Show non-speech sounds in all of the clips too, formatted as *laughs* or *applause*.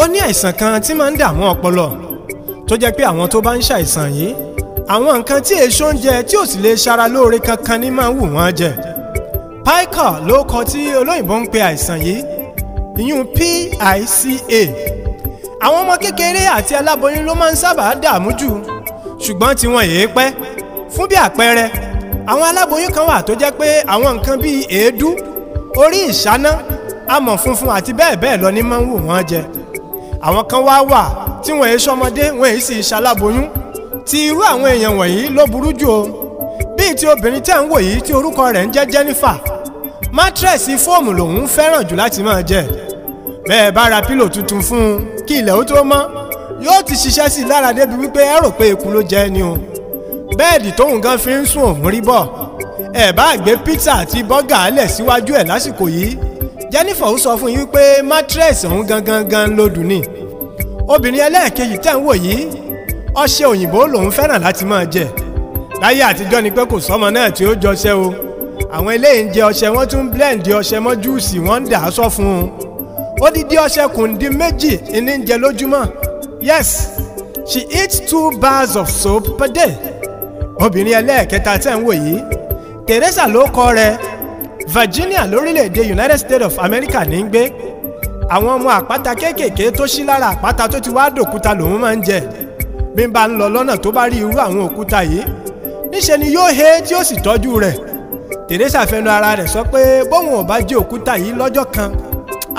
ó ní àìsàn kan tí máa ń dààmú ọpọlọ tó jẹ́ pé àwọn tó bá ń ṣàìsàn yìí àwọn nǹkan tí èso ń jẹ tí ò sì lè ṣara lóore kankan ní máa ń wù wọ́n jẹ pica ló kọ tí olóyìnbó ń pe àìsàn yìí ìyún pica àwọn ọmọ kékeré àti aláboyún ló máa ń sábà dààmú jù ṣùgbọ́n tiwọn èé pẹ́ fún bí àpẹẹrẹ àwọn aláboyún kan wà tó jẹ́ pé àwọn nǹkan bíi èédú orí ìṣáná amọ̀ funfun àti bẹ́ẹ̀ bẹ́ẹ̀ lọ ní máa ń wù wọ́n jẹ àwọn kan wá wà tí wọ́n èyí sọmọdé wọ́n èyí sì ṣaláboyún ti irú àwọn èèyàn wọ̀nyí ló burú jù o bíi ti obìnrin tẹ́ ń wò yìí tí orúkọ rẹ̀ ń jẹ́ Jennifer mátírẹ̀sì fóòmù lòun fẹ́ràn jù láti máa jẹ bẹ́ẹ̀ bá ra pílò tuntun fún un kí ilẹ̀ ó tó mọ́ yóò ti ṣiṣẹ́ sí i lára débi wípé ẹ rò pé eku ló jẹ ni o bẹ́ẹ̀dì tóun gan fi ń sùn òun rí bọ̀ ẹ̀ bá gbé pizza àti bọ́gà alẹ̀ síwájú ẹ̀ lásìkò yìí Jennifer ó sọ fún yín pé mattress òun gangan gan lodù ni obìnrin ẹlẹ́ẹ̀kejì tẹ̀ ń wò yìí ọṣẹ òyìnbó lòun fẹ́ràn láti máa jẹ láyé àtijọ́ ni pé kò sọ́mọ náà tí ó jọṣẹ́ o àwọn eléyìí ń jẹ ọṣẹ wọ́n tún blend ọṣẹ mọ́ júùsì wọ́n ń dà á sọ fún un odidi ọṣẹ kùndí méjì ní ń jẹ lójúmọ́ yes she eats two bars of soap per day obìnrin ẹlẹ́ẹ̀kẹta tẹ̀ ń wò yìí Teresa ló kọ rẹ̀ Virginia lórílẹ̀‐èdè United States of America ní ń gbé àwọn ọmọ àpáta kéékèèké tó ṣí lára àpáta tó ti wá dòkúta lòun máa ń jẹ bí n bá ń lọ lọ́nà tó bá rí irú àwọn òkúta yìí níṣẹ́ ni yóò he tí ó sì tọ́jú rẹ̀ Teresa fẹnu ara rẹ̀ sọ pé bóun ò bá jẹ òkúta yìí lọ́jọ́ kan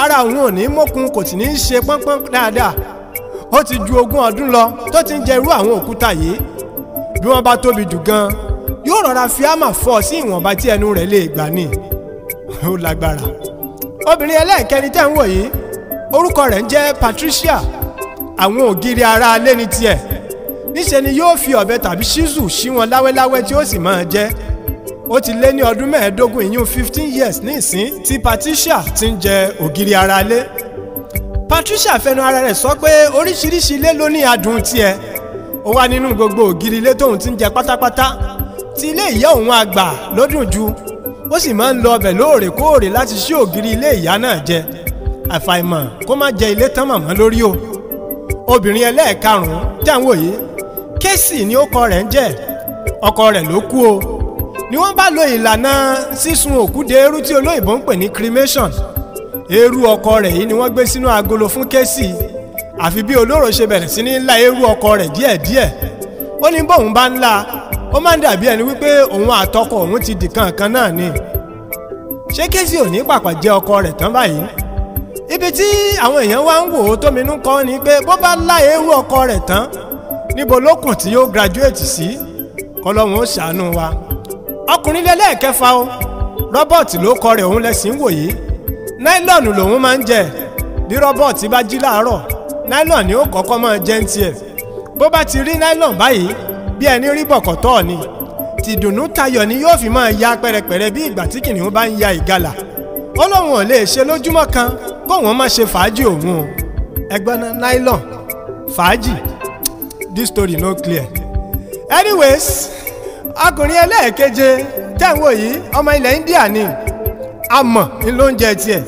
ara òun ò ní mókun kò sì ní í ṣe pọ́npọ́n dáadáa ó ti ju ogún ọdún lọ tó ti ń jẹ irú àwọn òkúta yìí bí wọ́n bá tóbi jù gan yóò rọra fi ámà fọ́ sí ìwọ̀nba tí ẹnu rẹ̀ lè gbà ni ó lágbára obìnrin ẹlẹ́ẹ̀kẹrin tẹ́ ń wò yìí orúkọ rẹ̀ ń jẹ́ Patricia àwọn ògiri ara alẹ́ ní tiẹ̀ níṣẹ́ ni yóò fi ọ̀bẹ tàbí ṣíṣù ṣí wọn láwẹ́láwẹ́ tí ó sì máa jẹ́ ó ti lé ní ọdún mẹ́ẹ̀ẹ́dógún ìyún fifteen years ní ìsín tí Patricia ti ń jẹ ògiri ara alẹ́ Patricia fẹnu ara rẹ̀ sọ pé oríṣiríṣi ilé ló ní adùn tiẹ̀ ó wà nínú gbogbo ògiri ilé tóun ti ń jẹ pátápátá ti ilé ìyá òun àgbà ló ju ó sì máa ń lọ ọbẹ̀ lóòrèkóòrè láti ṣí ògiri ilé ìyá náà jẹ àfàìmọ̀ kó má jẹ ilé tán màmá lórí o obìnrin ẹlẹ́ẹ̀karùn-ún jáwọ́ yìí kẹ́sì ni ọkọ rẹ̀ ń jẹ́ ọkọ rẹ̀ ló kú o ni wọ́n bá lo ìlànà sísun òkú eérú tí olóyìnbó ń pè ní cremation eérú ọkọ rẹ̀ yìí ni wọ́n gbé sínú agolo fún kẹ́sì àfi bí olóró ṣe bẹ̀rẹ̀ sí ní ńlá eérú ọkọ rẹ̀ díẹ̀díẹ̀ ó ní bóun bá ńlá ó máa ń dàbí ẹni wípé òun àtọkọ òun ti dìkan kan náà ni ṣé Kẹ́sì ò ní pàpà jẹ́ ọkọ rẹ̀ tán báyìí ibi tí àwọn èèyàn wá ń wò ó tóminú kọ́ ni pé bó bá láyé irú ọkọ rẹ̀ tán níbo ló kùn tí yóò graduate sí kọlọ́run ó ṣàánú wa ọkùnrin lẹ́lẹ́ẹ̀kẹfà o Robert ló kọ rẹ̀ òun lẹ́sìn wò yìí nylon lòun máa ń jẹ bí Robert bá jí láàárọ̀ nylon ni ó kọ́kọ́ máa jẹ́ ń tiẹ̀ bó bá ti rí nylon báyìí bí ẹni rí bọ̀kọ̀tọ̀ ni tìdùnnú tayọ̀ ni yóò fi máa ya pẹ̀rẹ̀pẹ̀rẹ̀ bí ìgbà tí kìnìún bá ń ya ìgalà ó lóun ò lè ṣe lójúmọ́ kan kóun má ṣe fàájì òun o ẹgbọ́n nylon fàájì this story no clear anyways ọkùnrin ẹlẹ́ẹ̀keje tẹ̀wọ̀ yìí ọmọ ilẹ̀ India ni amọ̀ ni ló ń jẹ tiẹ̀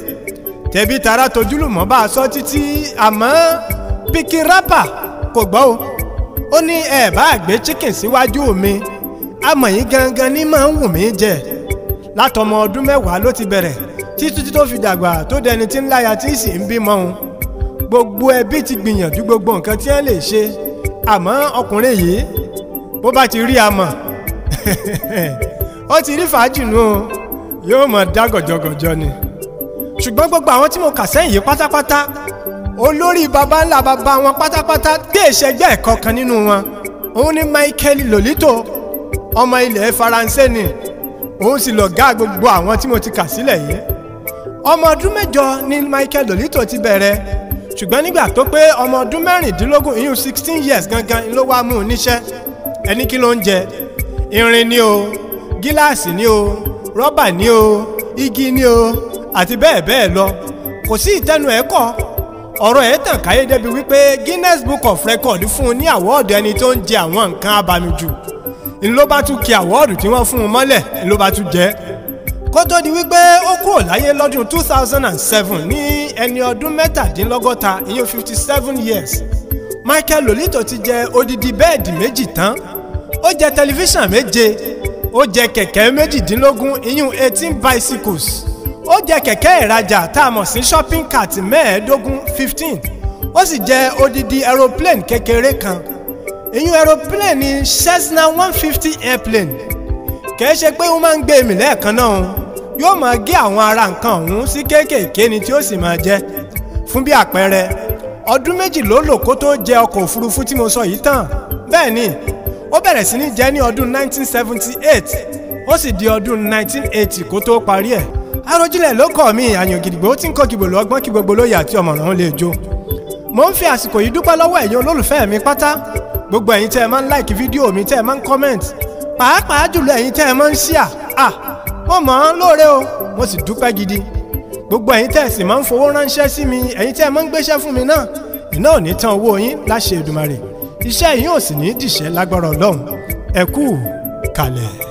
tẹ̀bí tara tojúlùmọ̀ bá a sọ títí àmọ́ pikin rapper kò gbọ́ o ó ní ẹ bá gbé chicken síwájú mi amọ̀ yìí gangan ni máa ń wù mí jẹ látọmọ ọdún mẹ́wàá ló ti bẹ̀rẹ̀ títí tó fi dàgbà tó dẹni tí ń láya tí sì ń bímọ òun gbogbo ẹbí ti gbìyànjú gbogbo nǹkan tí wọ́n lè ṣe àmọ́ ọkùnrin yìí bó bá ti rí amọ̀ *laughs* ó ti rí fàájì nù o yóò mọ̀ dá gọ̀jọ̀gọ̀jọ̀ ni ṣùgbọ́n gbogbo àwọn tí mo kà sẹ́yìn yìí pátápátá olórí baba ńlá baba wọn pátápátá gé ìṣẹ́gbẹ́ ẹ̀kọ́ kan nínú wọn òun ni Michael Lolito ọmọ ilẹ̀ Faransé ni òun sì lọ̀gá gbogbo àwọn tí mo ti kà sílẹ̀ yìí ọmọ ọdún mẹ́jọ ni Michael Lolito ti bẹ̀rẹ̀ ṣùgbọ́n nígbà tó pé ọmọ ọdún mẹ́rìndínlógún ìyún sixteen years gangan ló wá mú un níṣẹ́ ẹni kí ló ń jẹ irin ni o gíláàsì ni o rọ́bà ni o igi ni o àti bẹ́ẹ̀ bẹ́ẹ̀ lọ kò sí ìtẹnu ẹ̀kọ́ ọ̀rọ̀ ẹ̀ tàn káyé débi wípé Guinness Book of Record fún un ní àwọ́ọ̀dù ẹni tó ń jẹ àwọn nǹkan abàmìjù ńlọ bá tún kí àwọ́ọ̀dù tí wọ́n fún un mọ́lẹ̀ ńlọ bá tún jẹ́ kó tó di wípé ó kúrò láyé lọ́dún two thousand and seven ní ẹni ọdún mẹ́tàdínlọ́gọ́ta ìyẹn fifty seven years Michael Lolito ti jẹ odidi bẹ́ẹ̀dì méjì tán ó jẹ tẹlifíṣàn méje ó jẹ kẹ̀kẹ́ méjìdínlógún ìyún eighteen bicycles ó jẹ kẹ̀kẹ́ ìrajà tá a mọ̀ sí shopping cart mẹ́ẹ̀ẹ́dógún fifteen ó sì jẹ odidi aeroplane kékeré kan ìyún aeroplane ni Cessna one fifty airplane kìí ṣe pé wọ́n máa ń gbé èmì lẹ́ẹ̀kan náà yóò máa gé àwọn ara nǹkan ọ̀hún sí kéékèèké ni tí ó sì máa jẹ fún bí àpẹẹrẹ ọdún méjì ló lò kó tó jẹ ọkọ̀ òfurufú tí mo sọ yìí tán bẹ́ẹ̀ ni ó bẹ̀rẹ̀ sí ní jẹ ní ọdún nineteen seventy eight ó sì di ọdún nineteen eighty kó tó parí ẹ̀. Àròjinlẹ̀ ló kọ́ mi àyàn gidigbo tí ń kọ́ kìbò lọ́gbọ́n kí gbogbo lóye àti ọ̀mọ̀ràn ó lè jó mo ń fi àsìkò yìí dúpẹ́ lọ́wọ́ ẹ̀yin olólùfẹ́ mi pátá gbogbo ẹ̀yin tẹ́ ẹ máa ń like fídíò mi tẹ́ ẹ máa ń comment pàápàá jùlọ ẹ̀yin tẹ́ ẹ máa ń share à mo mọ̀ ọ́n lóore o mo sì dúpẹ́ gidi gbogbo ẹ̀yin tẹ́ ẹ sì máa ń fowó ránṣẹ́ sí mi ẹ̀yin tẹ́ ẹ máa ń gbéṣẹ́ fún mi náà iná ò ní tán owó yín láṣẹ Èdùmàrè iṣẹ́ yín ò sì ní dìṣẹ́ lágbára Ọlọ́run ẹ kú kalẹ̀.